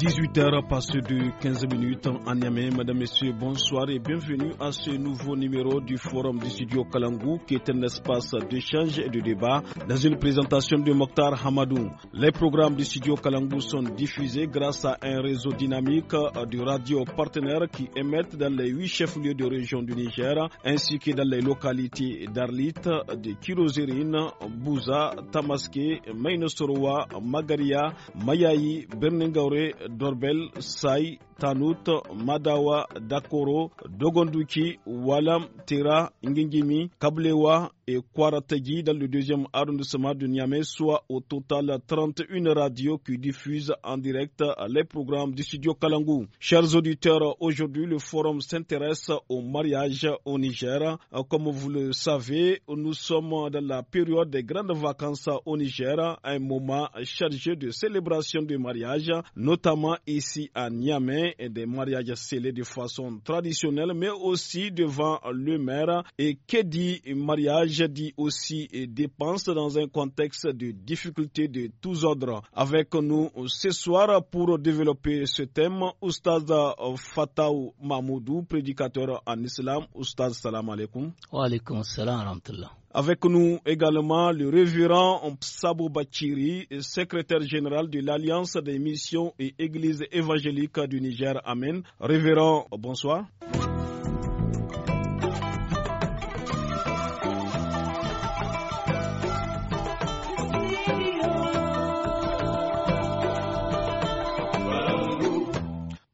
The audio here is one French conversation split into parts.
18h passé de 15 minutes en Niamey. Madame, Messieurs, bonsoir et bienvenue à ce nouveau numéro du Forum du Studio Kalangou qui est un espace d'échange et de débat dans une présentation de Mokhtar Hamadou. Les programmes du Studio Kalangu sont diffusés grâce à un réseau dynamique de radio partenaires qui émettent dans les huit chefs-lieux de région du Niger ainsi que dans les localités d'Arlit, de Kirozérine, Bouza, Tamaské, Mainosoroa, Magaria, Mayaï, Berningaure, Dorbel, Sai, Tanut, Madawa, Dakoro, Dogonduki, Walam, Tira, Ngingimi, Kablewa, et dans le deuxième arrondissement de Niamey, soit au total 31 radios qui diffusent en direct les programmes du studio Kalangou. Chers auditeurs, aujourd'hui le forum s'intéresse au mariage au Niger. Comme vous le savez, nous sommes dans la période des grandes vacances au Niger, un moment chargé de célébration de mariage, notamment ici à Niamey, et des mariages scellés de façon traditionnelle, mais aussi devant le maire. Et que dit mariage j'ai dit aussi dépenses dans un contexte de difficulté de tous ordres. Avec nous ce soir pour développer ce thème, Oustaz Fatou Mahmoudou, prédicateur en islam. Oustaz, salam alaikum. Wa salam Avec nous également le révérend Sabou Bachiri, secrétaire général de l'Alliance des missions et églises évangéliques du Niger. Amen. Révérend, bonsoir.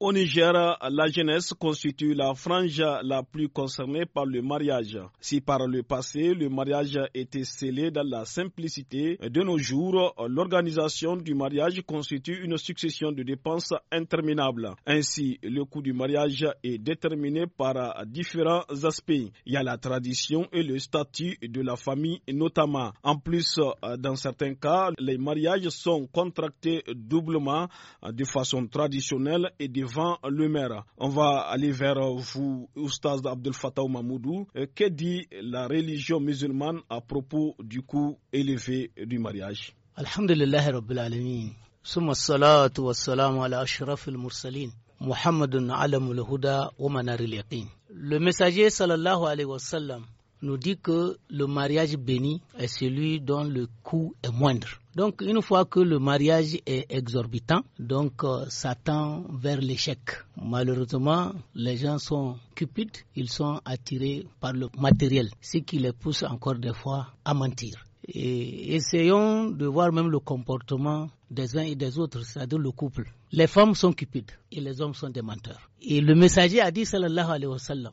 Au Niger, la jeunesse constitue la frange la plus concernée par le mariage. Si par le passé, le mariage était scellé dans la simplicité, de nos jours, l'organisation du mariage constitue une succession de dépenses interminables. Ainsi, le coût du mariage est déterminé par différents aspects. Il y a la tradition et le statut de la famille notamment. En plus, dans certains cas, les mariages sont contractés doublement de façon traditionnelle et de avant le maire. On va aller vers vous, Oustaz Abdel Fattah Mahmoudou. Euh, que dit la religion musulmane à propos du coût élevé du mariage Alhamdulillah Rabbil Alameen. wa الصلاة ala على أشرف المرسلين محمد علم الهدى ومنار yaqin. Le messager sallallahu alayhi wa sallam nous dit que le mariage béni est celui dont le coût est moindre. Donc une fois que le mariage est exorbitant, donc ça euh, tend vers l'échec. Malheureusement, les gens sont cupides, ils sont attirés par le matériel, ce qui les pousse encore des fois à mentir. Et essayons de voir même le comportement des uns et des autres, c'est-à-dire le couple. Les femmes sont cupides et les hommes sont des menteurs. Et le messager a dit, sallallahu alayhi wa sallam,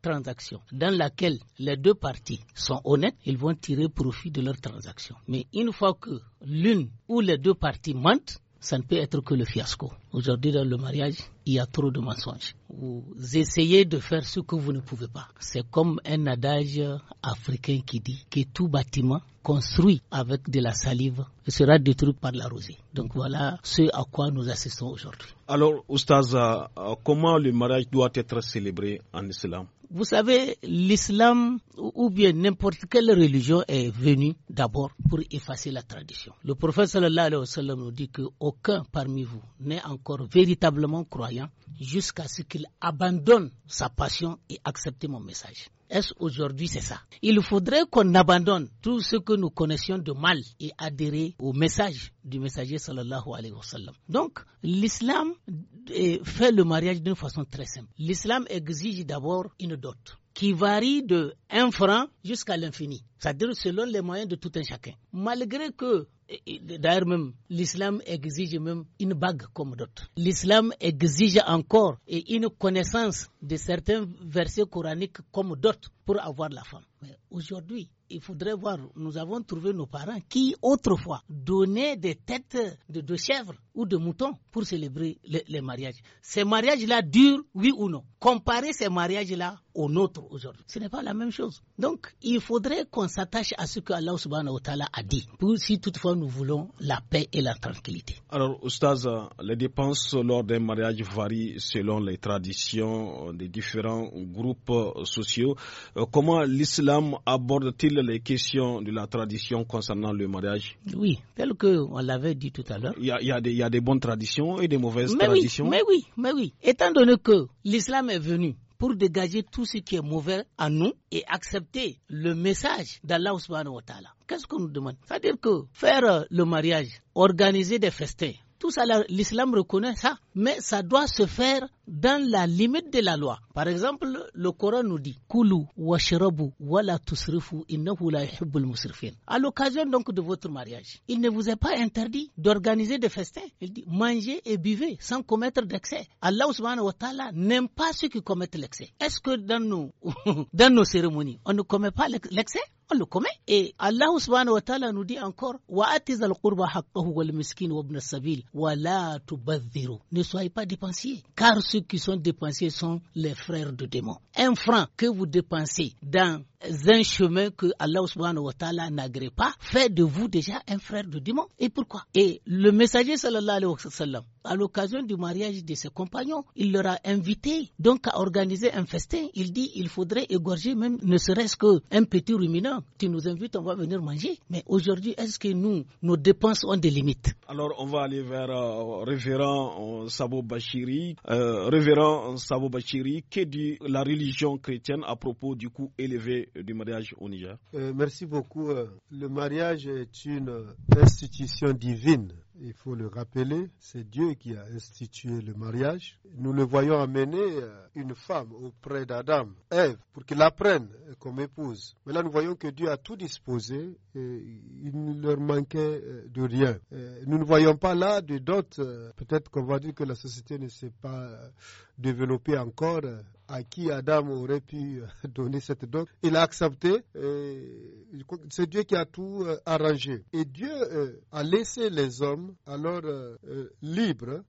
transaction dans laquelle les deux parties sont honnêtes, ils vont tirer profit de leur transaction. Mais une fois que l'une ou les deux parties mentent, ça ne peut être que le fiasco. Aujourd'hui, dans le mariage, il y a trop de mensonges. Vous essayez de faire ce que vous ne pouvez pas. C'est comme un adage africain qui dit que tout bâtiment construit avec de la salive sera détruit par la rosée. Donc voilà ce à quoi nous assistons aujourd'hui. Alors, Oustaza, euh, comment le mariage doit être célébré en islam vous savez, l'islam ou bien n'importe quelle religion est venue d'abord pour effacer la tradition. Le prophète sallallahu alayhi wa sallam nous dit qu'aucun parmi vous n'est encore véritablement croyant jusqu'à ce qu'il abandonne sa passion et accepte mon message. Est-ce aujourd'hui c'est ça Il faudrait qu'on abandonne tout ce que nous connaissions de mal et adhérer au message du messager sallallahu alayhi wa sallam. Donc, l'islam fait le mariage d'une façon très simple. L'islam exige d'abord une dot qui varie de 1 franc jusqu'à l'infini, c'est-à-dire selon les moyens de tout un chacun. Malgré que E, e, d'ailleurs même, l'islam exige même une bague comme d'autres. L'islam exige encore une connaissance de certains versets coraniques comme d'autres pour avoir la femme. aujourd'hui, il faudrait voir, nous avons trouvé nos parents qui autrefois donnaient des têtes de, de chèvres de moutons pour célébrer les, mariages. Ces mariages-là durent, oui ou non. Comparer ces mariages-là aux nôtres aujourd'hui, ce n'est pas la même chose. Donc, il faudrait qu'on s'attache à ce que Allah subhanahu a dit, si toutefois nous voulons la paix et la tranquillité. Alors, Oustaz, les dépenses lors d'un mariage varient selon les traditions des différents groupes sociaux. Euh, comment l'islam aborde-t-il les questions de la tradition concernant le mariage Oui, tel que on l'avait dit tout à l'heure. Il y des bonnes traditions et des mauvaises traditions. mais oui, mais oui. Étant donné que l'islam est venu pour dégager tout ce qui est mauvais à nous et accepter le message d'Allah wa ta'ala. Qu'est-ce qu'on nous demande C'est-à-dire que faire euh, le mariage, organiser des festins, tout ça, l'islam reconnaît ça, mais ça doit se faire dans la limite de la loi. Par exemple, le Coran nous dit À l'occasion donc de votre mariage, il ne vous est pas interdit d'organiser des festins. Il dit mangez et buvez sans commettre d'excès. Allah subhanahu wa ta'ala n'aime pas ceux qui commettent l'excès. Est-ce que dans nos, dans nos cérémonies, on ne commet pas l'excès on le commet. Et Allah subhanahu wa ta'ala nous dit encore Ne soyez pas dépensiers, car ceux qui sont dépensiers sont les frère de démon. Un franc que vous dépensez dans un chemin que Allah subhanahu wa ta'ala n'agrée pas, fait de vous déjà un frère de démon. Et pourquoi Et le messager sallallahu alayhi wa sallam, à l'occasion du mariage de ses compagnons, il leur a invité donc à organiser un festin. Il dit il faudrait égorger même ne serait-ce qu'un petit ruminant. Tu nous invites, on va venir manger. Mais aujourd'hui, est-ce que nous, nos dépenses ont des limites Alors on va aller vers le euh, révérend euh, Sabo Bachiri. Euh, révérend euh, Sabo Bachiri, que dit la religion chrétienne à propos du coût élevé euh, du mariage au Niger euh, Merci beaucoup. Euh, le mariage est une institution divine. Il faut le rappeler, c'est Dieu qui a institué le mariage nous le voyons amener euh, une femme auprès d'Adam, Ève, pour qu'il la prenne euh, comme épouse. Mais là, nous voyons que Dieu a tout disposé, il ne leur manquait euh, de rien. nous ne voyons pas là de dot. Peut-être qu'on va dire que la société ne s'est pas développée encore à qui Adam aurait pu donner cette dot. Il a accepté. C'est Dieu qui a tout arrangé. Et Dieu a laissé les hommes alors libres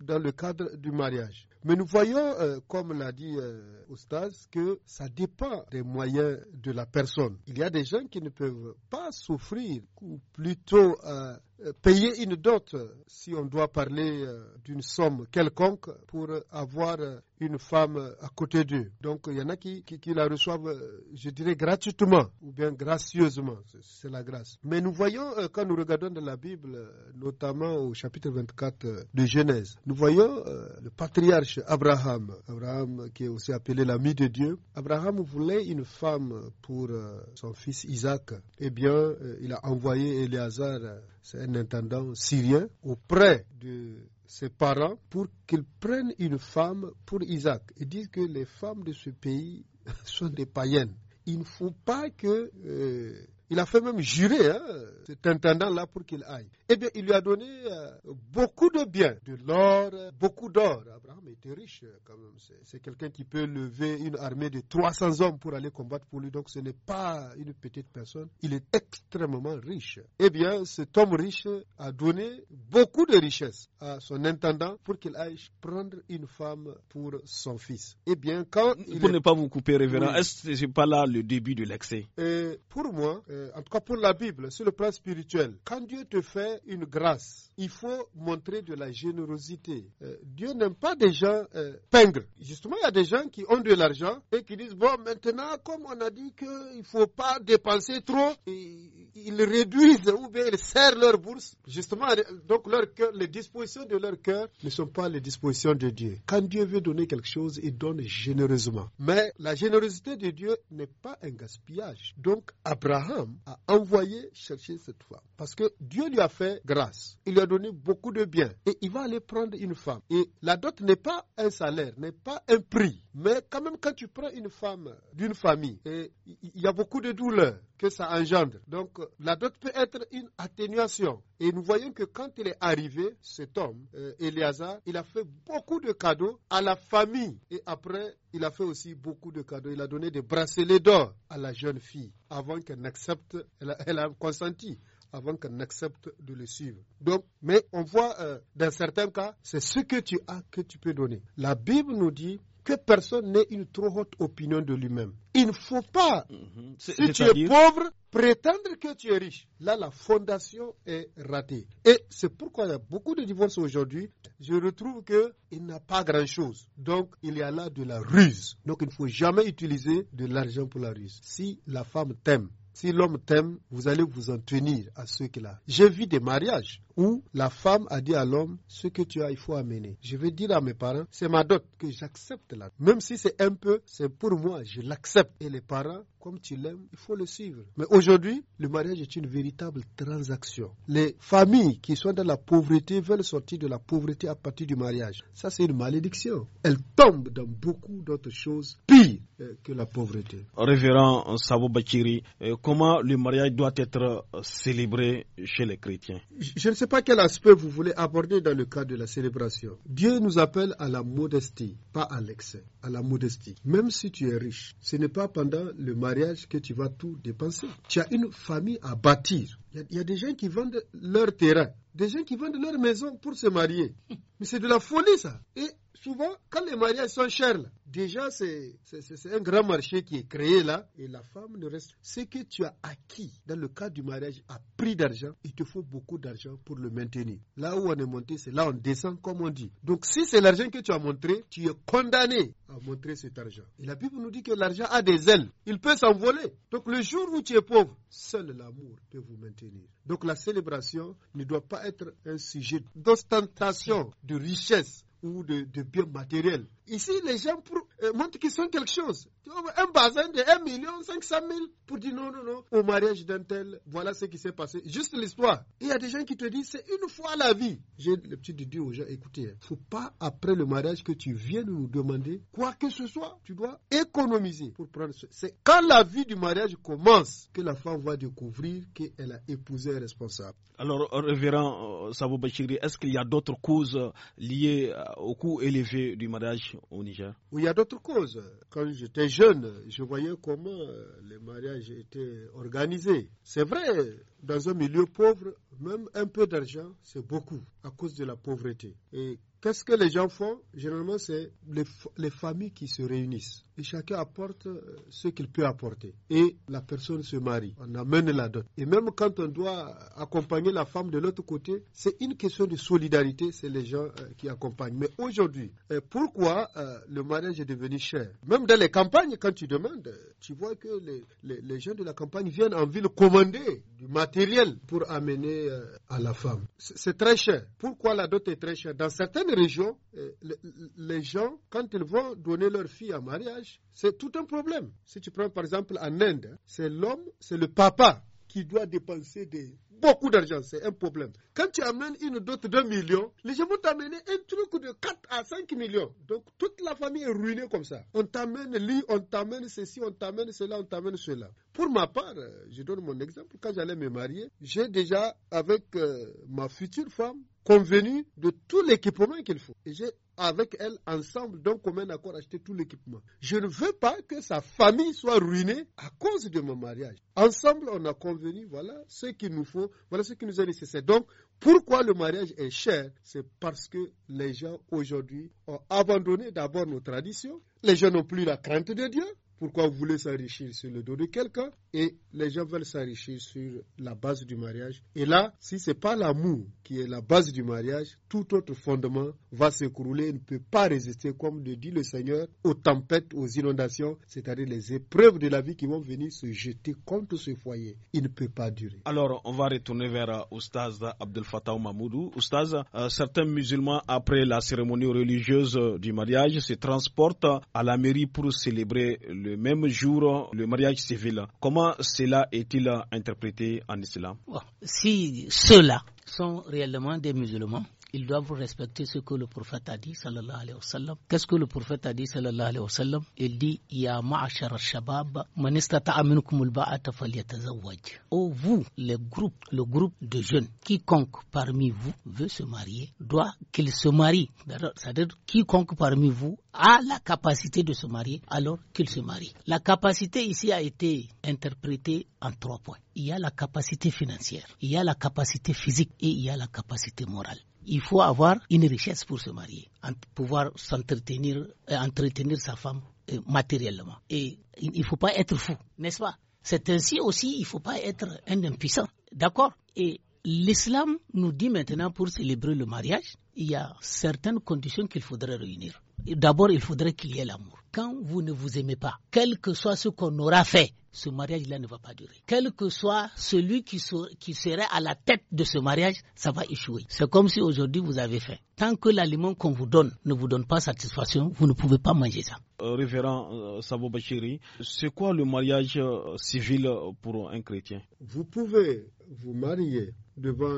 dans le cadre du mariage. Mais nous voyons, euh, comme l'a dit euh, Oustaz, que ça dépend des moyens de la personne. Il y a des gens qui ne peuvent pas souffrir, ou plutôt euh, euh, payer une dot, si on doit parler euh, d'une somme quelconque, pour avoir euh, une femme à côté d'eux. Donc il y en a qui, qui, la reçoivent, je dirais, gratuitement ou bien gracieusement, c'est la grâce. Mais nous voyons, quand nous regardons dans la Bible, notamment au chapitre 24 de Genèse, nous voyons le patriarche Abraham, Abraham qui est aussi appelé l'ami de Dieu. Abraham voulait une femme pour son fils Isaac. Eh bien, il a envoyé Éléazar, c'est un intendant syrien auprès de ses parents pour qu'ils prennent une femme pour Isaac. et disent que les femmes de ce pays sont des païennes. Il ne faut pas que euh, il a fait même jurer hein, cet intendant-là pour qu'il aille. Eh bien, il lui a donné euh, beaucoup de biens, de l'or, beaucoup d'or. Abraham était riche quand même. C'est quelqu'un qui peut lever une armée de 300 hommes pour aller combattre pour lui. Donc, ce n'est pas une petite personne. Il est extrêmement riche. Eh bien, cet homme riche a donné beaucoup de richesses à son intendant pour qu'il aille prendre une femme pour son fils. Eh bien, quand... Pour ne pas vous couper, révérend, est-ce que ce n'est pas là le début de l'excès Pour moi... Euh, en tout cas pour la Bible, sur le plan spirituel, quand Dieu te fait une grâce, il faut montrer de la générosité. Euh, Dieu n'aime pas des gens euh, pingres. Justement, il y a des gens qui ont de l'argent et qui disent, bon, maintenant, comme on a dit qu'il ne faut pas dépenser trop, ils réduisent ou bien ils serrent leur bourse. Justement, donc leur cœur, les dispositions de leur cœur ne sont pas les dispositions de Dieu. Quand Dieu veut donner quelque chose, il donne généreusement. Mais la générosité de Dieu n'est pas un gaspillage. Donc, Abraham, à a envoyé chercher cette femme. Parce que Dieu lui a fait grâce. Il lui a donné beaucoup de biens. Et il va aller prendre une femme. Et la dot n'est pas un salaire, n'est pas un prix. Mais quand même, quand tu prends une femme d'une famille, il y a beaucoup de douleurs que ça engendre. Donc, la dot peut être une atténuation. Et nous voyons que quand il est arrivé, cet homme, euh, il a fait beaucoup de cadeaux à la famille. Et après, il a fait aussi beaucoup de cadeaux. Il a donné des bracelets d'or à la jeune fille avant qu'elle n'accepte, elle, a consenti avant qu'elle n'accepte de le suivre. Donc, mais on voit euh, dans certains cas, c'est ce que tu as que tu peux donner. La Bible nous dit que personne n'ait une trop haute opinion de lui-même. Il ne faut pas, mhm. si tu es pauvre, prétendre que tu es riche. Là, la fondation est ratée. Et c'est pourquoi il y a beaucoup de divorces aujourd'hui. Je retrouve qu'il a pas grand-chose. Donc, il y a là de la ruse. Donc, il ne faut jamais utiliser de l'argent pour la ruse. Si la femme t'aime, si l'homme t'aime, vous allez vous en tenir à ce qu'il a. J'ai vu des mariages où la femme a dit à l'homme ce que tu as, il faut amener. Je vais dire à mes parents, c'est ma dot que j'accepte là. Même si c'est un peu, c'est pour moi, je l'accepte. Et les parents, comme tu l'aimes, il faut le suivre. Mais aujourd'hui, le mariage est une véritable transaction. Les familles qui sont dans la pauvreté veulent sortir de la pauvreté à partir du mariage. Ça, c'est une malédiction. Elles tombent dans beaucoup d'autres choses pires euh, que la pauvreté. Révérend Sabo Bakiri, euh, comment le mariage doit être euh, célébré chez les chrétiens Je ne sais pas quel aspect vous voulez aborder dans le cadre de la célébration. Dieu nous appelle à la modestie, pas à l'excès, à la modestie. Même si tu es riche, ce n'est pas pendant le mariage que tu vas tout dépenser. Tu as une famille à bâtir. Il y, a des gens qui vendent leur terrain, des gens qui vendent leur maison pour se marier. Mais c'est de la folie, ça. Et souvent, quand les mariages sont chers, déjà, c'est un grand marché qui est créé là, et la femme ne reste. Ce que tu as acquis dans le cadre du mariage à prix d'argent, il te faut beaucoup d'argent pour le maintenir. Là où on est monté, c'est là où on descend, comme on dit. Donc, si c'est l'argent que tu as montré, tu es condamné à montrer cet argent. Et la Bible nous dit que l'argent a des ailes. Il peut s'envoler. Donc le jour où tu es pauvre, seul l'amour peut vous maintenir. Donc la célébration ne doit pas être un sujet d'ostentation, de richesse ou de, de biens matériels. Ici, les gens euh, montrent qu'ils sont quelque chose. Un bazin de 1 million 500 pour dire non, non, non, au mariage d'un tel, voilà ce qui s'est passé. Juste l'histoire. Il y a des gens qui te disent, c'est une fois la vie. J'ai le petit dédié aux gens, écoutez, hein, faut pas après le mariage que tu viennes nous demander quoi que ce soit. Tu dois économiser pour prendre C'est quand la vie du mariage commence que la femme va découvrir qu'elle a épousé un responsable. Alors, euh, révérend euh, Savo Bachiri, est-ce qu'il y a d'autres causes liées au coût élevé du mariage au Niger Oui, il y a d'autres causes. Quand j'étais jeune, je voyais comment euh, les mariages étaient organisés. C'est vrai, dans un milieu pauvre, même un peu d'argent, c'est beaucoup à cause de la pauvreté. Et Qu'est-ce que les gens font Généralement, c'est les, familles qui se réunissent et chacun apporte euh, ce qu'il peut apporter. Et la personne se marie, on amène la dot. Et même quand on doit accompagner la femme de l'autre côté, c'est une question de solidarité, c'est les gens euh, qui accompagnent. Mais aujourd'hui, euh, pourquoi le mariage est devenu cher Même dans les campagnes, quand tu demandes, tu vois que les, gens de la campagne viennent en ville commander du matériel pour amener à la femme. C'est très cher. Pourquoi la dot est très chère Dans certaines région, régions, euh, les gens, quand ils vont donner leur fille en mariage, c'est tout un problème. Si tu prends par exemple en Inde, hein, c'est l'homme, c'est le papa qui doit dépenser beaucoup d'argent, c'est un problème. Quand tu amènes une dote de 2 millions, les gens vont t'amener un truc de 4 à 5 millions. Donc toute la famille est ruinée comme ça. On t'amène lui, on t'amène ceci, on t'amène cela, on t'amène cela. Pour ma part, euh, je donne mon exemple, quand j'allais me marier, j'ai déjà avec euh, ma future femme, convenu de tout l'équipement qu'il faut. Et j'ai avec elle, ensemble, d'un commun accord, acheté tout l'équipement. Je ne veux pas que sa famille soit ruinée à cause de mon mariage. Ensemble, on a convenu, voilà ce qu'il nous faut, voilà ce qui nous est nécessaire. Donc, pourquoi le mariage est cher C'est parce que les gens aujourd'hui ont abandonné d'abord nos traditions, les gens n'ont plus la crainte de Dieu, pourquoi vous voulez s'enrichir sur le dos de quelqu'un et les gens veulent s'enrichir sur la base du mariage. Et là, si ce n'est pas l'amour qui est la base du mariage, tout autre fondement va s'écrouler Il ne peut pas résister, comme le dit le Seigneur, aux tempêtes, aux inondations, c'est-à-dire les épreuves de la vie qui vont venir se jeter contre ce foyer. Il ne peut pas durer. Alors, on va retourner vers euh, Oustaz Abdel Fattah Mahmoudou. Oustaz, euh, certains musulmans, après la cérémonie religieuse euh, du mariage, se transportent à la mairie pour célébrer le le même jour le mariage civil. Comment cela est-il interprété en islam Si ceux-là sont réellement des musulmans, ils doivent respecter ce que le prophète a dit, sallallahu alayhi wa sallam. Qu'est-ce que le prophète a dit, sallallahu alayhi wa sallam Il dit Ya ma'ashar shabab al Oh, vous, le groupe, le groupe de jeunes, quiconque parmi vous veut se marier, doit qu'il se marie. C'est-à-dire, quiconque parmi vous a la capacité de se marier, alors qu'il se marie. La capacité ici a été interprétée en trois points. Il y a la capacité financière, il y a la capacité physique et il y a la capacité morale il faut avoir une richesse pour se marier, pouvoir s'entretenir, euh, entretenir sa femme euh, matériellement. Et il ne faut pas être fou, n'est-ce pas C'est ainsi aussi, il ne faut pas être un impuissant, d'accord Et l'islam nous dit maintenant pour célébrer le mariage, il y a certaines conditions qu'il faudrait réunir. D'abord, il faudrait qu'il y ait l'amour quand vous ne vous aimez pas, quel que soit ce qu'on aura fait, ce mariage-là ne va pas durer. Quel que soit celui qui, serait à la tête de ce mariage, ça va échouer. C'est comme si aujourd'hui vous avez fait Tant que l'aliment qu'on vous donne ne vous donne pas satisfaction, vous ne pouvez pas manger ça. Euh, révérend euh, Sabo Bachiri, c'est quoi le mariage euh, civil pour un chrétien Vous pouvez vous marier devant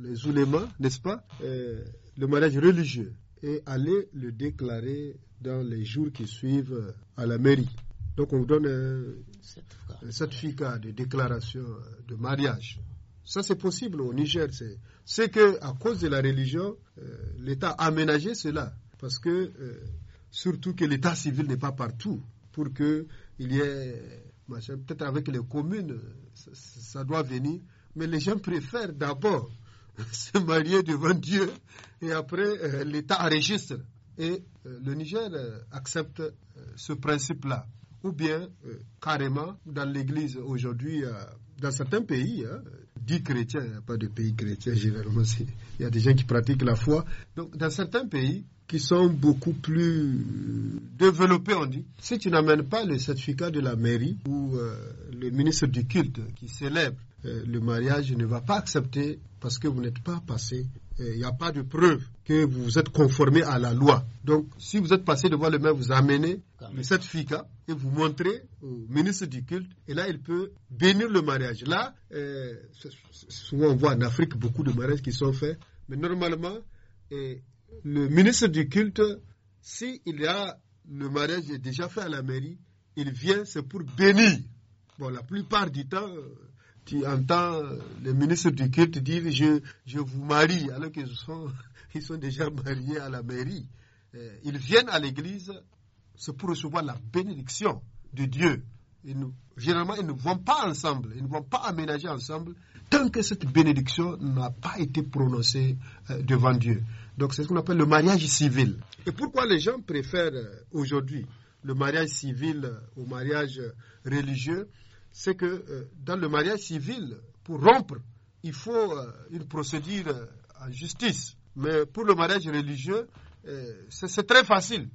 les oulémas, n'est-ce pas Le mariage religieux et aller le déclarer dans les jours qui suivent euh, à la mairie. Donc on vous donne euh, un, certificat de déclaration euh, de mariage. Ça, c'est possible au Niger. C'est que à cause de la religion, l'État a aménagé cela. Parce que, surtout que l'État civil n'est pas partout, pour qu'il y ait, peut-être avec les communes, ça, doit venir. Mais les gens préfèrent d'abord se marier devant Dieu et après l'État enregistre. Et euh, le Niger euh, accepte euh, ce principe-là. Ou bien, carrément, dans l'Église aujourd'hui, dans certains pays, hein, dit chrétien, chrétiens, il n'y a pas de pays chrétien généralement, il y a des gens qui pratiquent la foi. Donc, dans certains pays qui sont beaucoup plus développés, on dit, si tu n'amènes pas le certificat de la mairie ou le ministre du culte qui célèbre euh, le mariage ne va pas accepter parce que vous n'êtes pas passé. Il euh, n'y a pas de preuve que vous vous êtes conformé à la loi. Donc, si vous êtes passé devant le maire, vous amenez le certificat et vous montrez au ministre du culte. Et là, il peut bénir le mariage. Là, euh, souvent on voit en Afrique beaucoup de mariages qui sont faits. Mais normalement, le ministre du culte, s'il si y a le mariage déjà fait à la mairie, il vient, c'est pour bénir. Bon, la plupart du temps, tu entends les ministres du culte dire je, je vous marie, alors qu'ils sont, ils sont déjà mariés à la mairie. Eh, ils viennent à l'église, pour recevoir la bénédiction de Dieu. Ils nous, généralement, ils ne vont pas ensemble, ils ne vont pas aménager ensemble tant que cette bénédiction n'a pas été prononcée euh, devant Dieu. Donc c'est ce qu'on appelle le mariage civil. Et pourquoi les gens préfèrent euh, aujourd'hui le mariage civil euh, au mariage religieux c'est que euh, dans le mariage civil, pour rompre, il faut euh, une procédure euh, à justice. Mais pour le mariage religieux, c'est très facile.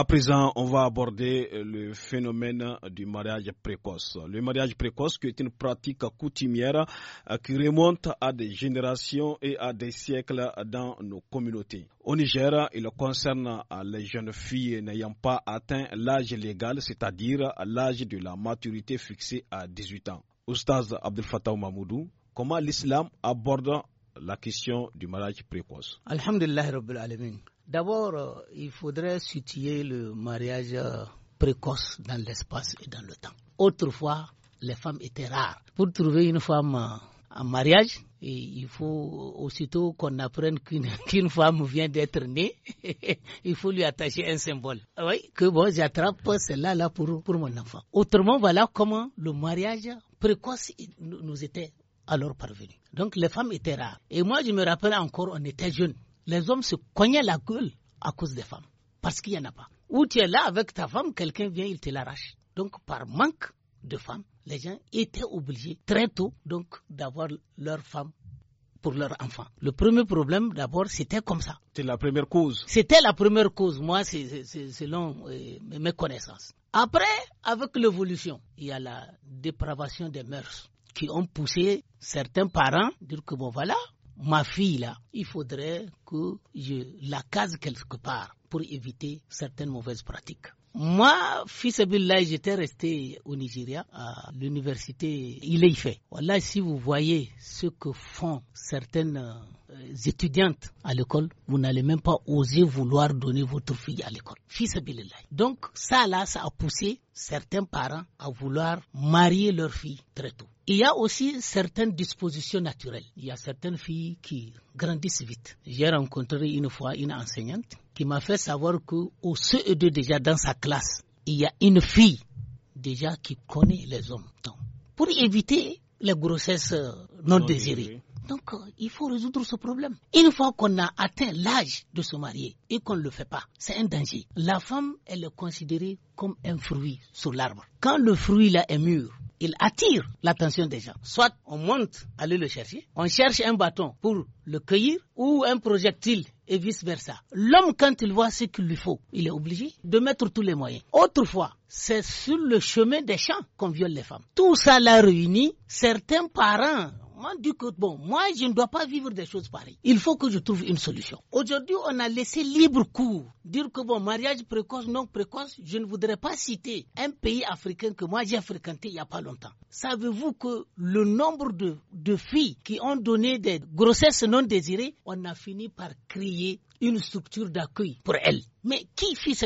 À présent, on va aborder euh, le phénomène du mariage précoce. Le mariage précoce qui est une pratique coutumière euh, qui remonte à des générations et à des siècles dans nos communautés. Au Niger, il concerne euh, les jeunes filles n'ayant pas atteint l'âge légal, c'est-à-dire l'âge de la maturité fixée à 18 ans. Oustaz Abdel Fattah Mahmoudou, comment l'islam aborde la question du mariage précoce Alhamdulillah D'abord, euh, il faudrait situer le mariage euh, précoce dans l'espace et dans le temps. Autrefois, les femmes étaient rares. Pour trouver une femme euh, en mariage, il faut aussitôt qu'on apprenne qu'une femme vient d'être née, il faut lui attacher un symbole. Ah oui, que bon, j'attrape celle-là là pour, pour mon enfant. Autrement, voilà comment le mariage précoce nous était alors parvenu. Donc les femmes étaient rares. Et moi, je me rappelle encore, on était jeunes les hommes se cognaient la gueule à cause des femmes, parce qu'il n'y en a pas. Ou tu es là avec ta femme, quelqu'un vient, il te l'arrache. Donc, par manque de femmes, les gens étaient obligés très tôt donc d'avoir leur femme pour leur enfants. Le premier problème, d'abord, c'était comme ça. C'était la première cause. C'était la première cause, moi, c'est selon euh, mes connaissances. Après, avec l'évolution, il y a la dépravation des mœurs qui ont poussé certains parents à dire que bon voilà, ma fille là, il faudrait que je la case quelque part pour éviter certaines mauvaises pratiques. Moi, fils Abdullah, j'étais resté au Nigeria, à l'université Ileife. Voilà, si vous voyez ce que font certaines euh, étudiantes à l'école, vous n'allez même pas oser vouloir donner votre fille à l'école. Fils Donc, ça là, ça a poussé certains parents à vouloir marier leur fille très tôt. Il y a aussi certaines dispositions naturelles. Il y a certaines filles qui grandissent vite. J'ai rencontré une fois une enseignante qui m'a fait savoir qu'au CE2 déjà dans sa classe, il y a une fille déjà qui connaît les hommes. pour éviter les grossesses euh, non, désirées. Donc, euh, il faut résoudre ce problème. Une fois qu'on a atteint l'âge de se marier et qu'on ne le fait pas, c'est un danger. La femme, elle est considérée comme un fruit sur l'arbre. Quand le fruit là est mûr, il attire l'attention des gens. Soit on monte aller le chercher, on cherche un bâton pour le cueillir ou un projectile et vice-versa. L'homme, quand il voit ce qu'il lui faut, il est obligé de mettre tous les moyens. Autrefois, c'est sur le chemin des champs qu'on viole les femmes. Tout ça l'a réuni. Certains parents dit bon, moi, je ne dois pas vivre des choses pareilles. Il faut que je trouve une solution. Aujourd'hui, on a laissé libre cours. Dire que bon, mariage précoce, non précoce, je ne voudrais pas citer un pays africain que moi j'ai fréquenté il n'y a pas longtemps. Savez-vous que le nombre de, filles qui ont donné des grossesses non désirées, on a fini par créer une structure d'accueil pour elles. Mais qui, fils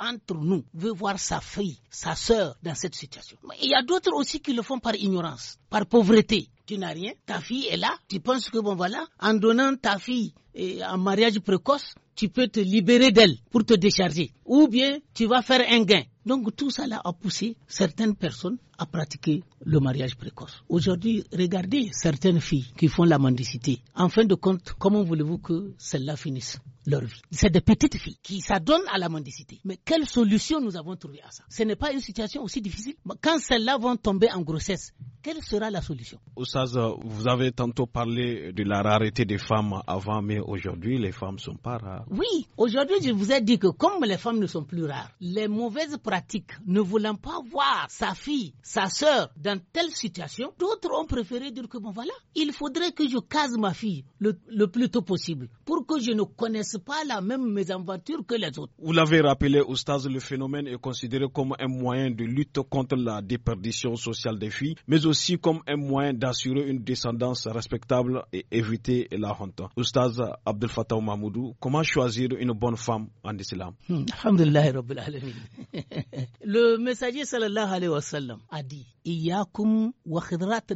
entre nous, veut voir sa fille, sa sœur dans cette situation Il y a d'autres aussi qui le font par ignorance, par pauvreté tu n'as rien, ta fille est là, tu penses que bon voilà, en donnant ta fille eh, en mariage précoce, tu peux te libérer d'elle pour te décharger. Ou bien tu vas faire un gain. Donc tout cela a poussé certaines personnes à pratiquer le mariage précoce. Aujourd'hui, regardez certaines filles qui font la mendicité. En fin de compte, comment voulez-vous que celles-là finissent leur vie C'est des petites filles qui s'adonnent à la mendicité. Mais quelle solution nous avons trouvé à ça Ce n'est pas une situation aussi difficile. Quand celles-là vont tomber en grossesse, quelle sera la solution vous avez tantôt parlé de la rareté des femmes avant, mais aujourd'hui, les femmes ne sont pas rares. Oui, aujourd'hui, je vous ai dit que comme les femmes ne sont plus rares, les mauvaises pratiques, ne voulant pas voir sa fille sa sœur dans telle situation, d'autres ont préféré dire que bon voilà, il faudrait que je case ma fille le, plus tôt possible pour que je ne connaisse pas la même mésaventure que les autres. Vous l'avez rappelé, Oustaz, le phénomène est considéré comme un moyen de lutte contre la déperdition sociale des filles, mais aussi comme un moyen d'assurer une descendance respectable et éviter la honte. Oustaz Abdel Fattah Mahmoudou, comment choisir une bonne femme en islam hmm, Rabbil Le messager sallallahu alayhi wa sallam a dit Iyakum wa khidrat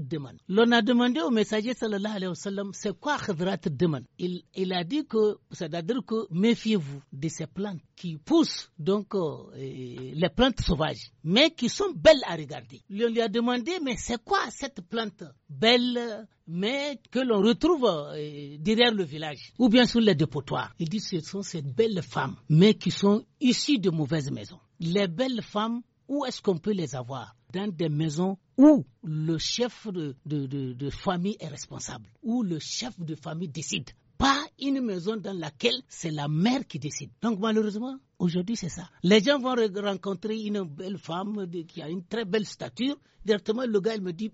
L'on a demandé au messager sallallahu alayhi wa c'est quoi khidrat deman il, il a dit que, c'est-à-dire que méfiez-vous de ces plantes qui poussent, donc euh, les plantes sauvages, mais qui sont belles à regarder. On lui a demandé mais c'est quoi cette plante belle mais que l'on retrouve euh, derrière le village ou bien sur les dépotoirs. Il dit ce sont ces belles femmes mais qui sont issues de mauvaises maisons. Les belles femmes, où est-ce qu'on peut les avoir dans des maisons où le chef de, de, famille est responsable, où le chef de famille décide pas une maison dans laquelle c'est la mère qui décide. Donc malheureusement, aujourd'hui c'est ça. Les gens vont rencontrer une belle femme qui a une très belle stature directement le gars, il me dit,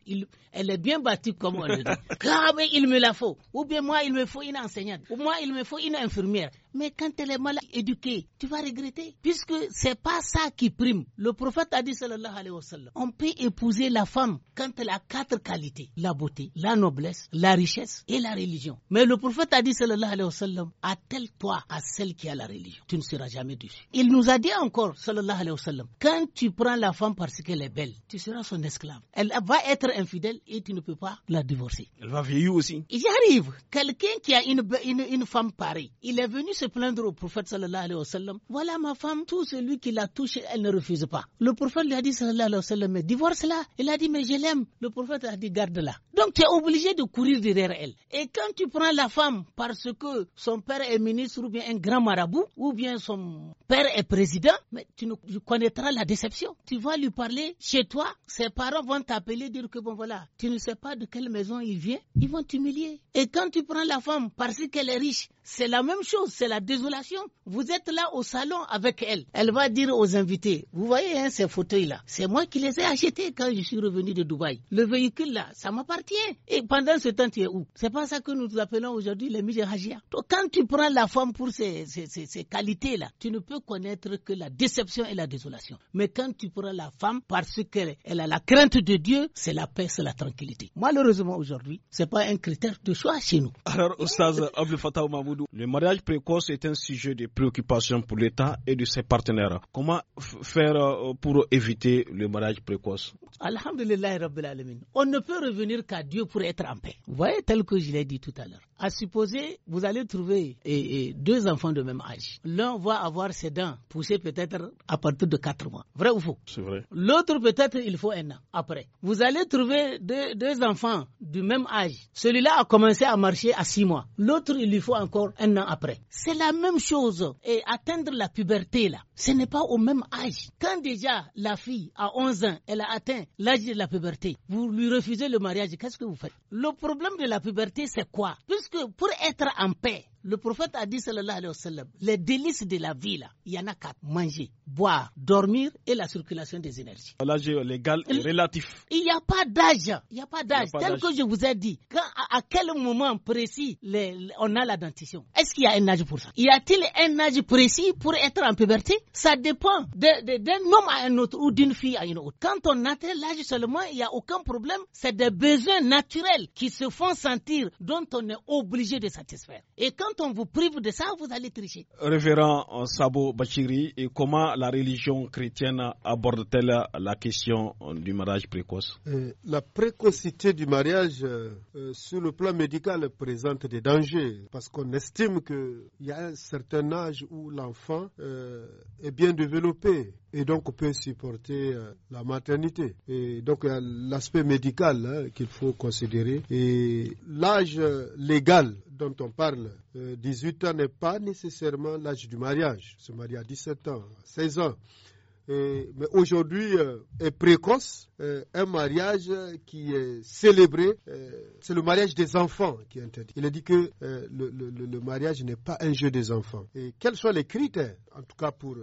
elle est bien bâtie comme on le dit. il me la faut. Ou bien moi, il me faut une enseignante. Ou moi, il me faut une infirmière. Mais quand elle est mal éduquée, tu vas regretter. Puisque c'est pas ça qui prime. Le prophète a dit, sallallahu alayhi on peut épouser la femme quand elle a quatre qualités. La beauté, la noblesse, la richesse et la religion. Mais le prophète a dit, sallallahu alayhi wa attelle-toi à celle qui a la religion. Tu ne seras jamais dessus Il nous a dit encore, sallallahu alayhi wa quand tu prends la femme parce qu'elle est belle, tu seras son esclave. Elle va être infidèle et tu ne peux pas la divorcer. Elle va vieillir aussi. Il y arrive. Quelqu'un qui a une, une, femme pareille, il est venu se plaindre au prophète sallallahu alayhi wa sallam. Voilà ma femme, tout celui qui la touche, elle ne refuse pas. Le prophète lui a dit sallallahu alayhi wa sallam, mais divorce-la. Il a dit, mais je l'aime. Le prophète a dit, garde-la. Donc tu es obligé de courir derrière elle. Et quand tu prends la femme parce que son père est ministre ou bien un grand marabout ou bien son père est président, mais tu, ne, tu connaîtras la déception. Tu vas lui parler chez toi, ses parents vont t'appeler, dire que bon voilà, tu ne sais pas de quelle maison il vient, ils vont t'humilier. Et quand tu prends la femme parce qu'elle est riche, c'est la même chose, c'est la désolation. Vous êtes là au salon avec elle. Elle va dire aux invités, vous voyez hein, ces fauteuils-là, c'est moi qui les ai achetés quand je suis revenu de Dubaï. Le véhicule-là, ça m'appartient. Et pendant ce temps, tu es où C'est pas ça que nous appelons aujourd'hui les Hajia. quand tu prends la femme pour ces, qualités-là, tu ne peux connaître que la déception et la désolation. Mais quand tu prends la femme parce qu'elle a la crainte de Dieu, c'est la paix, c'est la tranquillité. Malheureusement aujourd'hui, c'est pas un critère de choix chez nous. Alors, le mariage précoce est un sujet de préoccupation pour l'État et de ses partenaires. Comment faire euh, pour éviter le mariage précoce Alhamdulillah, Rabbil Alamin. On ne peut revenir qu'à Dieu pour être en paix. Vous voyez, tel que je l'ai dit tout à l'heure. À supposer, vous allez trouver deux enfants de même âge. L'un va avoir ses dents poussées peut-être à partir de 4 mois. Vrai ou faux C'est vrai. L'autre, peut-être, il faut un an après. Vous allez trouver deux, deux enfants du même âge. Celui-là a commencé à marcher à 6 mois. L'autre, il lui faut encore un an après. C'est la même chose. Et atteindre la puberté, là, ce n'est pas au même âge. Quand déjà la fille, a 11 ans, elle a atteint l'âge de la puberté, vous lui refusez le mariage, qu'est-ce que vous faites le problème de la puberté, c'est quoi Puisque pour être en paix, le prophète a dit, cela. les délices de la vie, il y en a quatre. Manger, boire, dormir et la circulation des énergies. L'âge euh, légal est relatif. Il n'y a pas d'âge. Il n'y a pas d'âge. Tel que je vous ai dit, à, quel moment précis on a la dentition Est-ce qu'il y a un âge pour ça Y a-t-il un âge précis pour être en puberté Ça dépend d'un homme à un autre ou d'une fille à une autre. Quand on atteint l'âge seulement, il n'y a aucun problème. C'est des besoins naturels qui se font sentir, dont on est obligé de satisfaire. Et quand on vous prive de ça, vous allez tricher. Révérend Sabo Bachiri, et comment la religion chrétienne aborde-t-elle la question du mariage précoce euh, La précocité du mariage, euh, euh, sur le plan médical, présente des dangers parce qu'on estime qu'il y a un certain âge où l'enfant est bien développé et donc peut supporter la maternité. Et donc l'aspect médical hein, qu'il faut considérer et l'âge légal dont on parle, 18 euh, ans n'est pas nécessairement l'âge du mariage. Se marier à 17 ans, 16 ans mais aujourd'hui euh, est précoce euh, un mariage qui est célébré. Euh, c'est le mariage des enfants qui est interdit. Il a dit que le, mariage n'est pas un jeu des enfants. Et quels sont les critères, en tout cas pour,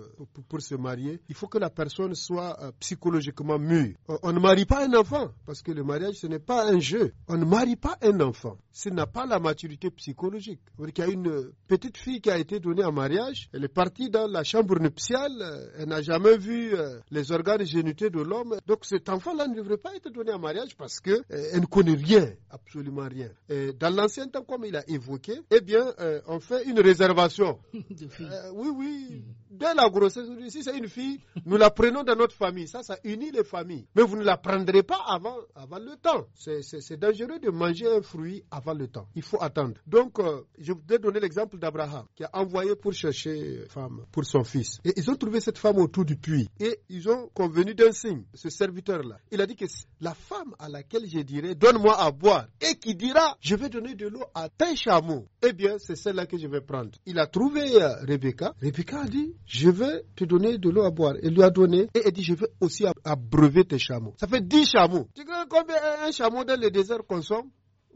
pour, se marier Il faut que la personne soit psychologiquement mûre. On, ne marie pas un enfant parce que le mariage ce n'est pas un jeu. On ne marie pas un enfant. ce n'a pas la maturité psychologique. Il y a une petite fille qui a été donnée en mariage. Elle est partie dans la chambre nuptiale. Elle n'a jamais vu euh, les organes génitaux de l'homme. Donc cet enfant-là ne devrait pas être donné en mariage parce qu'elle euh, ne connaît rien, absolument rien. Et dans l'ancien temps, comme il a évoqué, eh bien, euh, on fait une réservation. oui, oui. Dès la grossesse, si c'est une fille, nous la prenons dans notre famille. Ça, ça unit les familles. Mais vous ne la prendrez pas avant, avant le temps. C'est dangereux de manger un fruit avant le temps. Il faut attendre. Donc, je voudrais donner l'exemple d'Abraham qui a envoyé pour chercher femme pour son fils. Et ils ont trouvé cette femme autour du puits. Et ils ont convenu d'un signe, ce serviteur-là. Il a dit que la femme à laquelle je dirai, donne-moi à boire, et qui dira, je vais donner de l'eau à tes chameaux, eh bien, c'est celle-là que je vais prendre. Il a trouvé euh, Rebecca. Rebecca a dit, je vais te donner de l'eau à boire. Elle lui a donné, et elle dit, je vais aussi abreuver tes chameaux. Ça fait 10 chameaux. Tu sais combien un chameau dans le désert consomme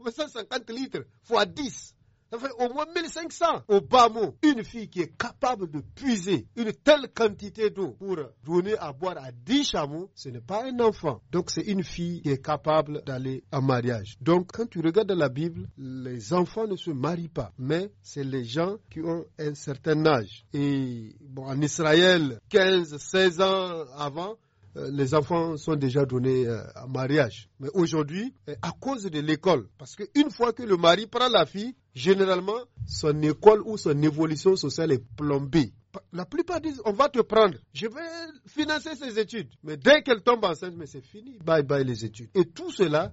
150 litres fois 10. Ça fait au moins 1500. Au bas mot, une fille qui est capable de puiser une telle quantité d'eau pour donner à boire à 10 chameaux, ce n'est pas un enfant. Donc c'est une fille qui est capable d'aller en mariage. Donc quand tu regardes la Bible, les enfants ne se marient pas, mais c'est les gens qui ont un certain âge. Et bon, en Israël, 15, 16 ans avant, euh, les enfants sont déjà donnés euh, en mariage. Mais aujourd'hui, euh, à cause de l'école, parce qu'une fois que le mari prend la fille, généralement, son école ou son évolution sociale est plombée. La plupart disent, on va te prendre, je vais financer ses études. Mais dès qu'elle tombe enceinte, mais c'est fini, bye bye les études. Et tout cela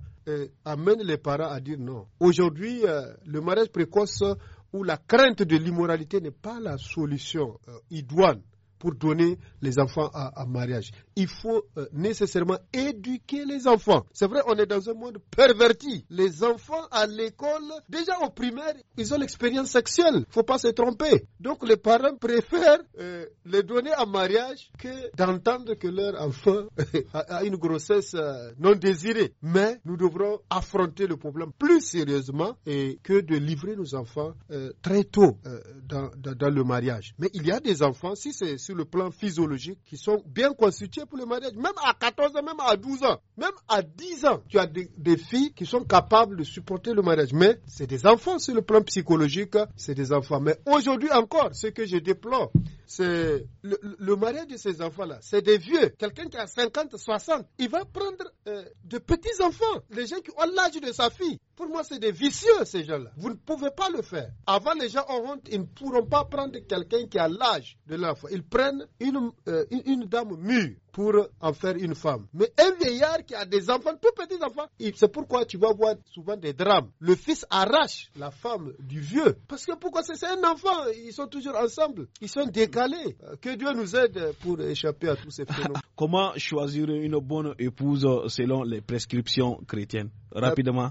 amène les parents à dire non. Aujourd'hui, le mariage précoce ou la crainte de l'immoralité n'est pas la solution idoine pour donner les enfants à, mariage. Il faut euh, nécessairement éduquer les enfants. C'est vrai, on est dans un monde perverti. Les enfants à l'école, déjà au primaire, ils ont l'expérience sexuelle. Il Faut pas se tromper. Donc les parents préfèrent euh, les donner à mariage que d'entendre que leur enfant a une grossesse euh, non désirée. Mais nous devrons affronter le problème plus sérieusement et que de livrer nos enfants très tôt dans, dans, le mariage. Mais il y a des enfants, si c'est le plan physiologique qui sont bien constitués pour le mariage. Même à 14 ans, même à 12 ans, même à 10 ans, tu as des, des filles qui sont capables de supporter le mariage. Mais c'est des enfants sur le plan psychologique, c'est des enfants. Mais aujourd'hui encore, ce que je déplore, c'est le, mariage de ces enfants-là, c'est des vieux. Quelqu'un qui a 50, 60, il va prendre euh, de petits-enfants, les gens qui ont l'âge de sa fille. Pour moi, c'est des vicieux, ces gens-là. Vous ne pouvez pas le faire. Avant, les gens ont honte, ils ne pourront pas prendre quelqu'un qui a l'âge de l'enfant. Ils prennent une, euh, une, dame mûre pour en faire une femme. Mais un vieillard qui a des enfants, tout petits enfants, c'est pourquoi tu vas voir souvent des drames. Le fils arrache la femme du vieux. Parce que pourquoi c'est un enfant Ils sont toujours ensemble. Ils sont décalés. Euh, que Dieu nous aide pour échapper à tous ces phénomènes. Comment choisir une bonne épouse selon les prescriptions chrétiennes Rapidement.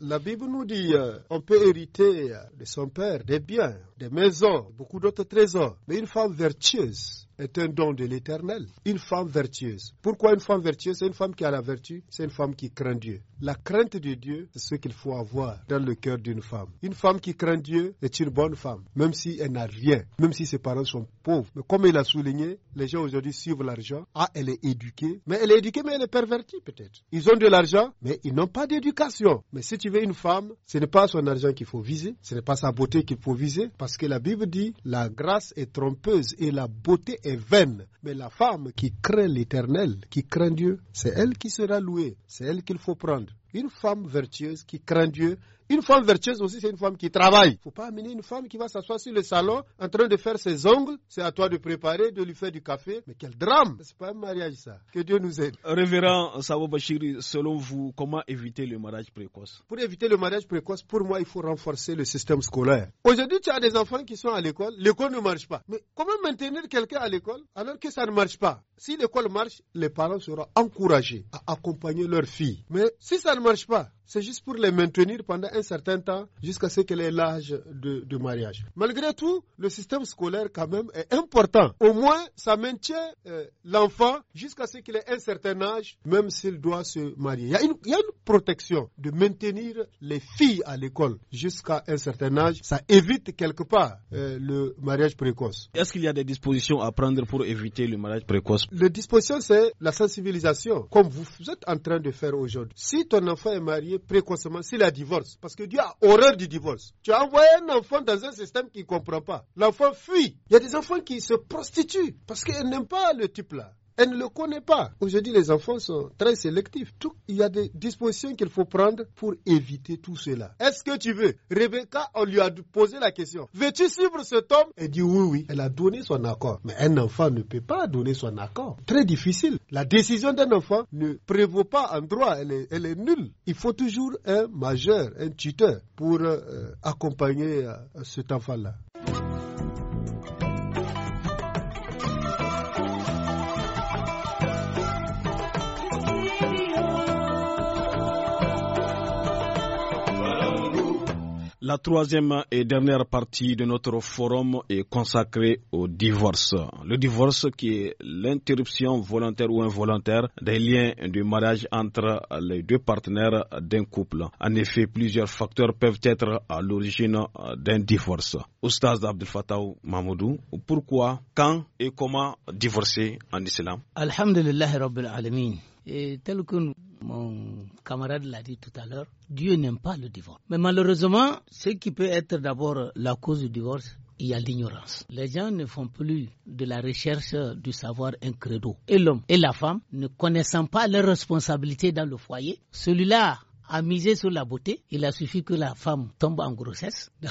La, Bible nous dit euh, on peut hériter euh, de son père des biens, des maisons, beaucoup d'autres trésors. Mais une femme vertueuse est un don de l'Éternel. Une femme vertueuse. Pourquoi une femme vertueuse C'est une femme qui a la vertu, c'est une femme qui craint Dieu. La crainte de Dieu, c'est ce qu'il faut avoir dans le cœur d'une femme. Une femme qui craint Dieu est une bonne femme, même si elle n'a rien, même si ses parents sont pauvres. Mais comme il a souligné, les gens aujourd'hui suivent l'argent. Ah, elle est éduquée, mais elle est éduquée, mais elle est pervertie peut-être. Ils ont de l'argent, mais ils n'ont pas d'éducation. Mais si tu veux une femme, ce n'est pas son argent qu'il faut viser, ce n'est pas sa beauté qu'il faut viser, parce que la Bible dit la grâce est trompeuse et la beauté est vaine. Mais la femme qui craint l'Éternel, qui craint Dieu, c'est elle qui sera louée, c'est elle qu'il faut prendre. Une femme vertueuse qui craint Dieu, une femme vertueuse aussi, c'est une femme qui travaille. Il ne faut pas amener une femme qui va s'asseoir sur le salon en train de faire ses ongles. C'est à toi de préparer, de lui faire du café. Mais quel drame C'est pas un mariage ça. Que Dieu nous aide. Révérend Sabo Bachiri, selon vous, comment éviter le mariage précoce Pour éviter le mariage précoce, pour moi, il faut renforcer le système scolaire. Aujourd'hui, tu as des enfants qui sont à l'école. L'école ne marche pas. Mais comment maintenir quelqu'un à l'école alors que ça ne marche pas Si l'école marche, les parents seront encouragés à accompagner leurs filles. Mais si ça ne marche pas, c'est juste pour les maintenir pendant un certain temps jusqu'à ce qu'elle ait l'âge de, mariage. Malgré tout, le système scolaire quand même est important. Au moins, ça maintient euh, l'enfant jusqu'à ce qu'il ait un certain âge, même s'il doit se marier. Il y, a une, protection de maintenir les filles à l'école jusqu'à un certain âge. Ça évite quelque part euh, le mariage précoce. Est-ce qu'il y a des dispositions à prendre pour éviter le mariage précoce Les dispositions, c'est la sensibilisation, comme vous êtes en train de faire aujourd'hui. Si ton enfant est marié, marier précocement la divorce. Parce que Dieu a horreur du divorce. Tu as envoyé un enfant dans un système qui ne comprend pas. L'enfant fuit. Il y a des enfants qui se prostituent parce qu'ils n'aiment pas le type là. Elle ne le connaît pas. Aujourd'hui, les enfants sont très sélectifs. Tout, il y a des dispositions qu'il faut prendre pour éviter tout cela. Est-ce que tu veux Rebecca, on lui a posé la question. Veux-tu suivre cet homme Elle dit oui, oui. Elle a donné son accord. Mais un enfant ne peut pas donner son accord. Très difficile. La décision d'un enfant ne prévaut pas en droit. Elle est, nulle. Il faut toujours un majeur, un tuteur pour euh, accompagner euh, cet enfant-là. La troisième et dernière partie de notre forum est consacrée au divorce. Le divorce qui est l'interruption volontaire ou involontaire des liens du mariage entre les deux partenaires d'un couple. En effet, plusieurs facteurs peuvent être à l'origine d'un divorce. Oustaz Abdel Fattah Mahmoudou, pourquoi, quand et comment divorcer en islam Alhamdulillah Rabbil Alameen. Et tel que mon camarade l'a dit tout à l'heure, Dieu n'aime pas le divorce. Mais malheureusement, ce qui peut être d'abord la cause du divorce, il y a l'ignorance. Les gens ne font plus de la recherche du savoir un credo. Et l'homme et la femme, ne connaissant pas leurs responsabilités dans le foyer, celui-là a misé sur la beauté. Il a suffi que la femme tombe en grossesse.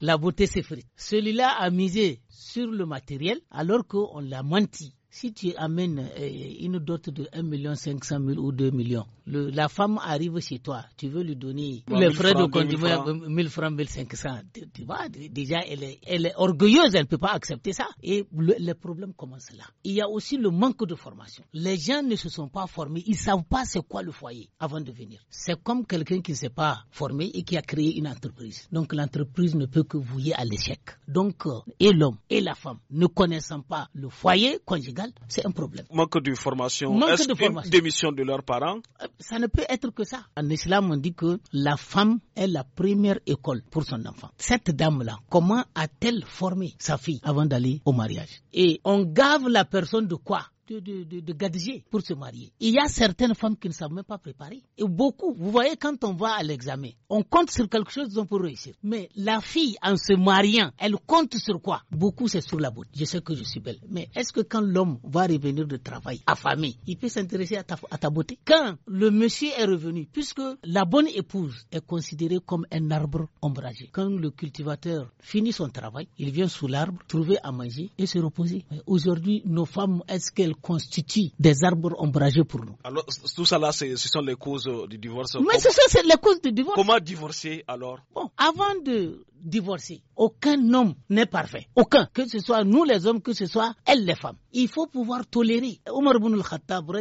la beauté s'effrite. Celui-là a misé sur le matériel alors qu'on l'a menti. Si tu amènes euh, une dot de 1,5 million ou 2 millions, la femme arrive chez toi, tu veux lui donner les frais de 1000 francs, 1500. Euh, tu, tu vois, déjà, elle est, orgueilleuse, elle ne peut pas accepter ça. Et le, le, problème commence là. Il y a aussi le manque de formation. Les gens ne se sont pas formés, ils ne savent pas c'est quoi le foyer avant de venir. C'est comme quelqu'un qui ne s'est pas formé et qui a créé une entreprise. Donc l'entreprise ne peut que vouiller à l'échec. Donc, euh, et l'homme et la femme, ne connaissant pas le foyer conjugal, c'est un problème. Manque de formation, Manque de formation. démission de leurs parents euh, Ça ne peut être que ça. En islam, on dit que la femme est la première école pour son enfant. Cette dame-là, comment a-t-elle formé sa fille avant d'aller au mariage Et on gave la personne de quoi de, de, pour se marier. Il y a certaines femmes qui ne savent même pas préparer. Et beaucoup, vous voyez, quand on va à l'examen, on compte sur quelque chose pour réussir. Mais la fille, en se mariant, elle compte sur quoi Beaucoup, c'est sur la beauté. Je sais que je suis belle. Mais est-ce que quand l'homme va revenir de travail, affamé, il peut s'intéresser à ta, à ta beauté Quand le monsieur est revenu, puisque la bonne épouse est considérée comme un arbre ombragé, quand le cultivateur finit son travail, il vient sous l'arbre, trouver à manger et se reposer. Aujourd'hui, nos femmes, est-ce qu'elles constituent des arbres ombragés pour nous. Alors, tout ça là, ce sont les causes du divorce. Mais ce sont les causes du divorce. Comment divorcer alors Bon, avant de divorcer, aucun homme n'est parfait. Aucun. Que ce soit nous les hommes, que ce soit elles les femmes. Il faut pouvoir tolérer. Omar ibn al-Khattab,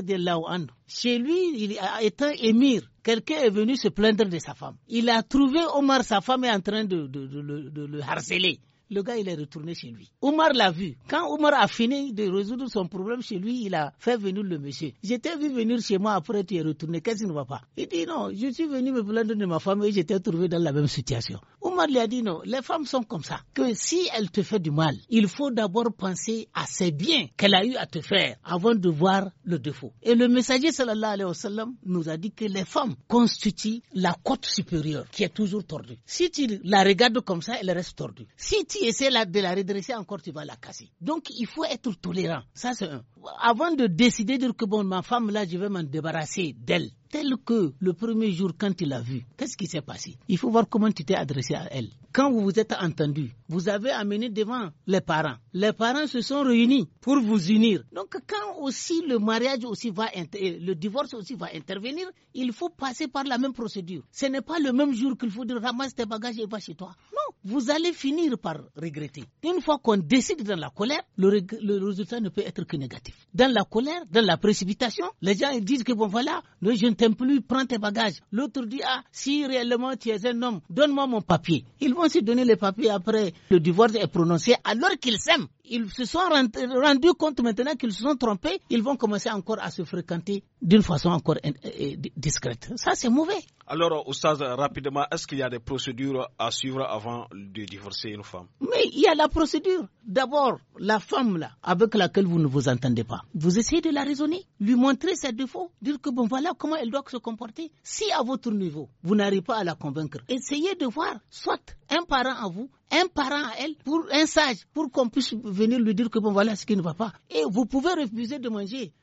chez lui, il a, un émir, quelqu'un est venu se plaindre de sa femme. Il a trouvé Omar, sa femme est en train de, de, de le harceler le gars, il est retourné chez lui. Omar l'a vu. Quand Omar a fini de résoudre son problème chez lui, il a fait venir le monsieur. J'étais vu venir chez moi, après tu es retourné. Qu'est-ce qui ne va pas Il dit non, je suis venu me plaindre de ma femme et j'étais trouvé dans la même situation. Omar lui a dit non, les femmes sont comme ça, que si elle te fait du mal, il faut d'abord penser à ces biens qu'elle a eu à te faire avant de voir le défaut. Et le messager sallallahu alayhi wa sallam nous a dit que les femmes constituent la côte supérieure qui est toujours tordue. Si tu la regardes comme ça, elle reste tordue. Si tu essaies de la redresser encore, tu vas la casser. Donc il faut être tolérant. Ça c'est un avant de décider de dire que bon, ma femme là, je vais m'en débarrasser d'elle, tel que le premier jour quand il l'a vue, qu'est-ce qui s'est passé Il faut voir comment tu t'es adressé à elle. Quand vous vous êtes entendu, vous avez amené devant les parents. Les parents se sont réunis pour vous unir. Donc quand aussi le mariage aussi va euh, le divorce aussi va intervenir, il faut passer par la même procédure. Ce n'est pas le même jour qu'il faut dire ramasse tes bagages et va chez toi vous allez finir par regretter. Une fois qu'on décide dans la colère, le, résultat ne peut être que négatif. Dans la colère, dans la précipitation, les gens disent que bon voilà, je ne t'aime plus, prends tes bagages. L'autre dit, ah, si réellement tu es un homme, donne-moi mon papier. Ils vont se donner les papiers après le divorce est prononcé alors qu'ils s'aiment ils se sont rendus compte maintenant qu'ils se sont trompés, ils vont commencer encore à se fréquenter d'une façon encore euh, euh, discrète. Ça, c'est mauvais. Alors, Oustaz, rapidement, est-ce qu'il y a des procédures à suivre avant de divorcer une femme Mais il y a la procédure. D'abord, la femme là, avec laquelle vous ne vous entendez pas, vous essayez de la raisonner, lui montrer ses défauts, dire que bon, voilà comment elle doit se comporter. Si à votre niveau, vous n'arrivez pas à la convaincre, essayez de voir, soit un parent à vous, un parent à elle, pour un sage, pour qu'on puisse venir lui dire que bon voilà ce qui ne va pas. Et vous pouvez refuser de manger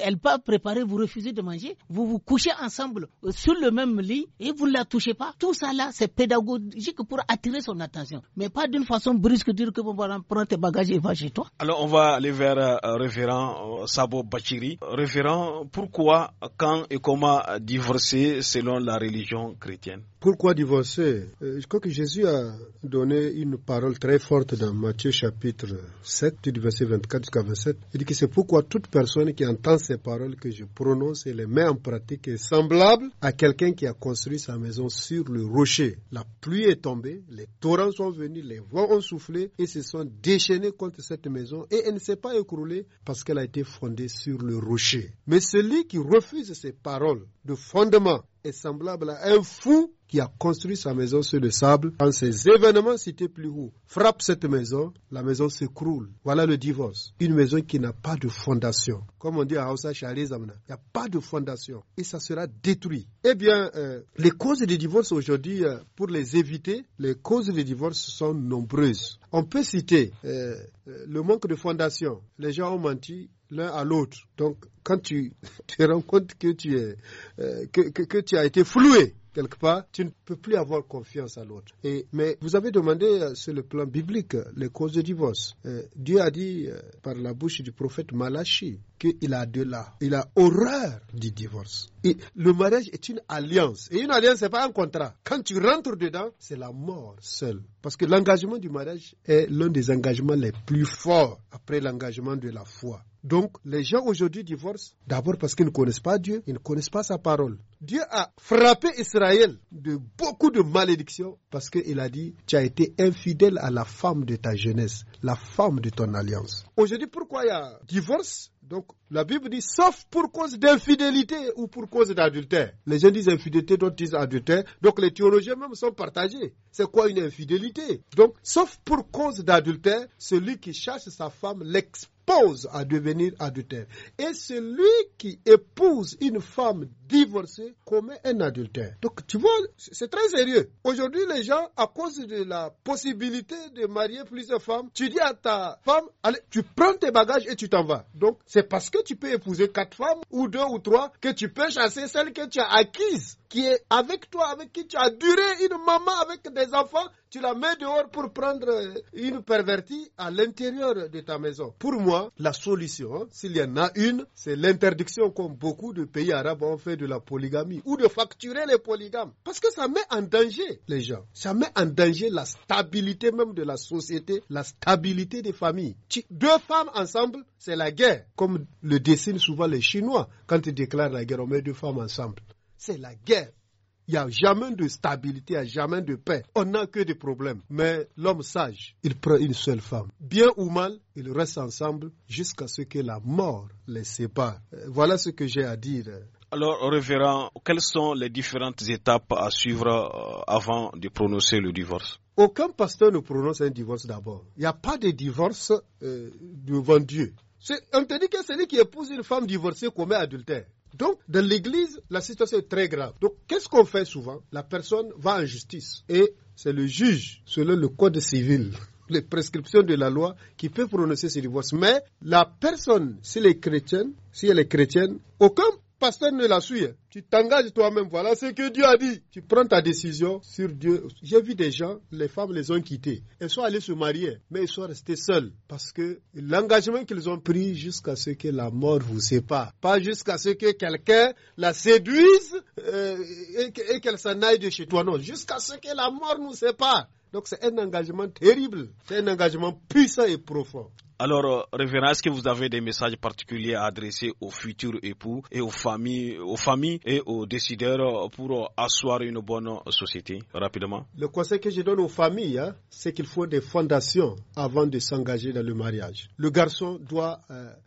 elle pas préparer, vous refusez de manger, vous vous couchez ensemble euh, sur le même lit et vous ne la touchez pas. Tout ça là, c'est pédagogique pour attirer son attention. Mais pas d'une façon brusque, dire que bon, voilà, prends tes bagages et va chez toi. Alors on va aller vers le euh, révérend euh, Sabo Bachiri. Révérend, pourquoi, quand et comment divorcer selon la religion chrétienne Pourquoi divorcer Je crois que Jésus a donné une parole très forte dans Matthieu chapitre 7, du verset 24 jusqu'à 27. Il dit que c'est pourquoi toute personne qui en j'entends ces paroles que je prononce et les mets en pratique est semblable à quelqu'un qui a construit sa maison sur le rocher. La pluie est tombée, les torrents sont venus, les vents ont soufflé et se sont déchaînés contre cette maison et elle ne s'est pas écroulée parce qu'elle a été fondée sur le rocher. Mais celui qui refuse ces paroles de fondement est semblable à un fou qui a construit sa maison sur le sable, quand ces événements cités plus haut frappe cette maison, la maison s'écroule. Voilà le divorce. Une maison qui n'a pas de fondation. Comme on dit à Hausa Shari il n'y a pas de fondation et ça sera détruit. Eh bien, euh, les causes du divorce aujourd'hui, euh, pour les éviter, les causes du divorce sont nombreuses. On peut citer euh, euh, le manque de fondation. Les gens ont menti, l'un à l'autre. Donc, quand tu te rends compte que tu, es, euh, que, tu as été floué quelque part, tu ne peux plus avoir confiance à l'autre. Et, mais vous avez demandé euh, sur le plan biblique les causes de divorce. Euh, Dieu a dit euh, par la bouche du prophète Malachi qu'il a de là. Il a horreur du divorce. Et le mariage est une alliance. Et une alliance, ce n'est pas un contrat. Quand tu rentres dedans, c'est la mort seule. Parce que l'engagement du mariage est l'un des engagements les plus forts après l'engagement de la foi. Donc, les gens aujourd'hui divorcent d'abord parce qu'ils ne connaissent pas Dieu, ils ne connaissent pas sa parole. Dieu a frappé Israël de beaucoup de malédictions parce qu'il a dit, tu as été infidèle à la femme de ta jeunesse, la femme de ton alliance. Aujourd'hui, pourquoi il y a divorce donc, la Bible dit, sauf pour cause d'infidélité ou pour cause d'adultère. Les gens disent infidélité, d'autres disent adultère. Donc, les théologiens même sont partagés. C'est quoi une infidélité Donc, sauf pour cause d'adultère, celui qui cherche sa femme l'exprime pose à devenir adultère. Et celui qui épouse une femme divorcée commet un adultère. Donc tu vois, c'est très sérieux. Aujourd'hui, les gens, à cause de la possibilité de marier plusieurs femmes, tu dis à ta femme, allez, tu prends tes bagages et tu t'en vas. Donc c'est parce que tu peux épouser quatre femmes ou deux ou trois que tu peux chasser celle que tu as acquise, qui est avec toi, avec qui tu as duré une maman avec des enfants tu la mets dehors pour prendre une pervertie à l'intérieur de ta maison. Pour moi, la solution, hein, s'il y en a une, c'est l'interdiction, comme beaucoup de pays arabes ont fait de la polygamie, ou de facturer les polygames. Parce que ça met en danger les gens. Ça met en danger la stabilité même de la société, la stabilité des familles. deux femmes ensemble, c'est la guerre. Comme le dessinent souvent les Chinois quand ils déclarent la guerre, on met deux femmes ensemble. C'est la guerre. Il n'y a jamais de stabilité, il n'y a jamais de paix. On n'a que des problèmes. Mais l'homme sage, il prend une seule femme. Bien ou mal, ils restent ensemble jusqu'à ce que la mort les sépare. Euh, voilà ce que j'ai à dire. Alors, révérend, quelles sont les différentes étapes à suivre euh, avant de prononcer le divorce Aucun pasteur ne prononce un divorce d'abord. Il n'y a pas de divorce euh, devant Dieu. On te dit que celui qui épouse une femme divorcée commet adultère. Donc, dans l'église, la situation est très grave. Donc, qu'est-ce qu'on fait souvent La personne va en justice et c'est le juge, selon le code civil, les prescriptions de la loi, qui peut prononcer ses divorce. Mais la personne, si elle est chrétienne, si elle est chrétienne, aucun personne ne la suit. Hein. Tu t'engages toi-même. Voilà ce que Dieu a dit. Tu prends ta décision sur Dieu. J'ai vu des gens, les femmes les ont quittées. Elles sont allées se marier, mais elles sont restées seules parce que l'engagement qu'ils ont pris jusqu'à ce que la mort vous sépare, pas jusqu'à ce que quelqu'un la séduise euh, et qu'elle s'en aille de chez toi. Non, jusqu'à ce que la mort nous sépare. Donc c'est un engagement terrible, c'est un engagement puissant et profond. Alors, euh, Révérend, est-ce que vous avez des messages particuliers à adresser aux futurs époux et aux familles, aux familles et aux décideurs euh, pour euh, asseoir une bonne société rapidement Le conseil que je donne aux familles, hein, c'est qu'il faut des fondations avant de s'engager dans le mariage. Le garçon doit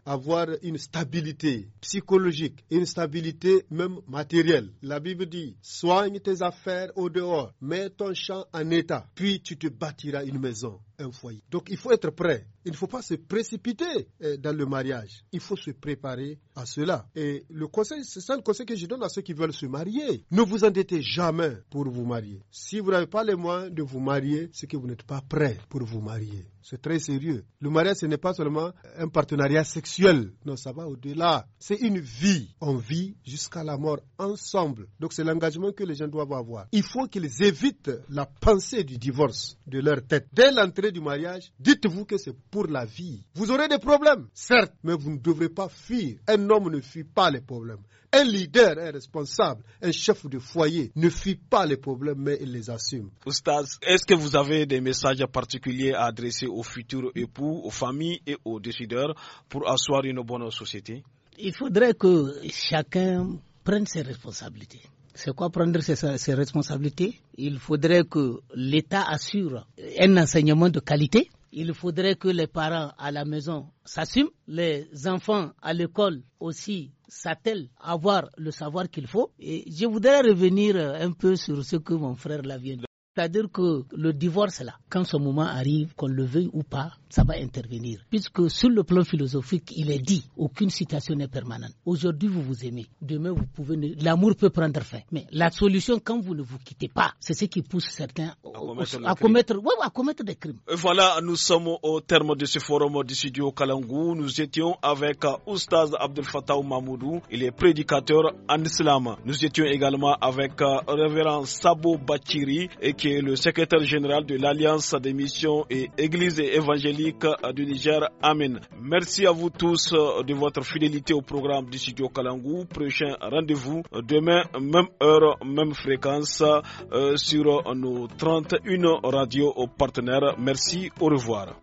avoir une stabilité psychologique, une stabilité même matérielle. La Bible dit soigne tes affaires au dehors, mets ton champ en état, puis tu te bâtiras une maison, un foyer. Donc, il faut être prêt. Il ne faut pas se précipiter euh, dans le mariage. Il faut se préparer cela. Et le conseil, c'est ça le conseil que je donne à ceux qui veulent se marier. Ne vous endettez jamais pour vous marier. Si vous n'avez pas les moyens de vous marier, c'est que vous n'êtes pas prêt pour vous marier. C'est très sérieux. Le mariage, ce n'est pas seulement un partenariat sexuel. Non, ça va au-delà. C'est une vie. On vit jusqu'à la mort ensemble. Donc c'est l'engagement que les gens doivent avoir. Il faut qu'ils évitent la pensée du divorce de leur tête. Dès l'entrée du mariage, dites-vous que c'est pour la vie. Vous aurez des problèmes, certes, mais vous ne devrez pas fuir. Un un ne fuit pas les problèmes. Un leader, un responsable, un chef de foyer ne fuit pas les problèmes, mais il les assume. Oustaz, est-ce que vous avez des messages particuliers à adresser aux futurs époux, aux familles et aux décideurs pour asseoir une bonne société Il faudrait que chacun prenne ses responsabilités. C'est quoi prendre ses responsabilités Il faudrait que l'État assure un enseignement de qualité il faudrait que les parents à la maison s'assument, les enfants à l'école aussi s'attellent à avoir le savoir qu'il faut. Et je voudrais revenir euh, un peu sur ce que mon frère dit. C'est-à-dire que le divorce, là, quand ce moment arrive, qu'on le veuille ou pas, ça va intervenir. Puisque sur le plan philosophique, il est dit, aucune situation n'est permanente. Aujourd'hui, vous vous aimez. Demain, vous pouvez... L'amour peut prendre fin. Mais la solution, quand vous ne vous quittez pas, c'est ce qui pousse certains à commettre, des crimes. Voilà, nous sommes au terme de ce forum du studio Kalangou. Nous étions avec euh, Oustaz Abdel Fattah Mahmoudou. Il est prédicateur en islam. Nous étions également avec euh, Révérend Sabo Bachiri, et qui le secrétaire général de l'Alliance des missions et Églises évangéliques du Niger. Amen. Merci à vous tous de votre fidélité au programme du studio Kalangou. Prochain rendez-vous demain, même heure, même fréquence euh, sur nos 31 radios partenaires. Merci, au revoir.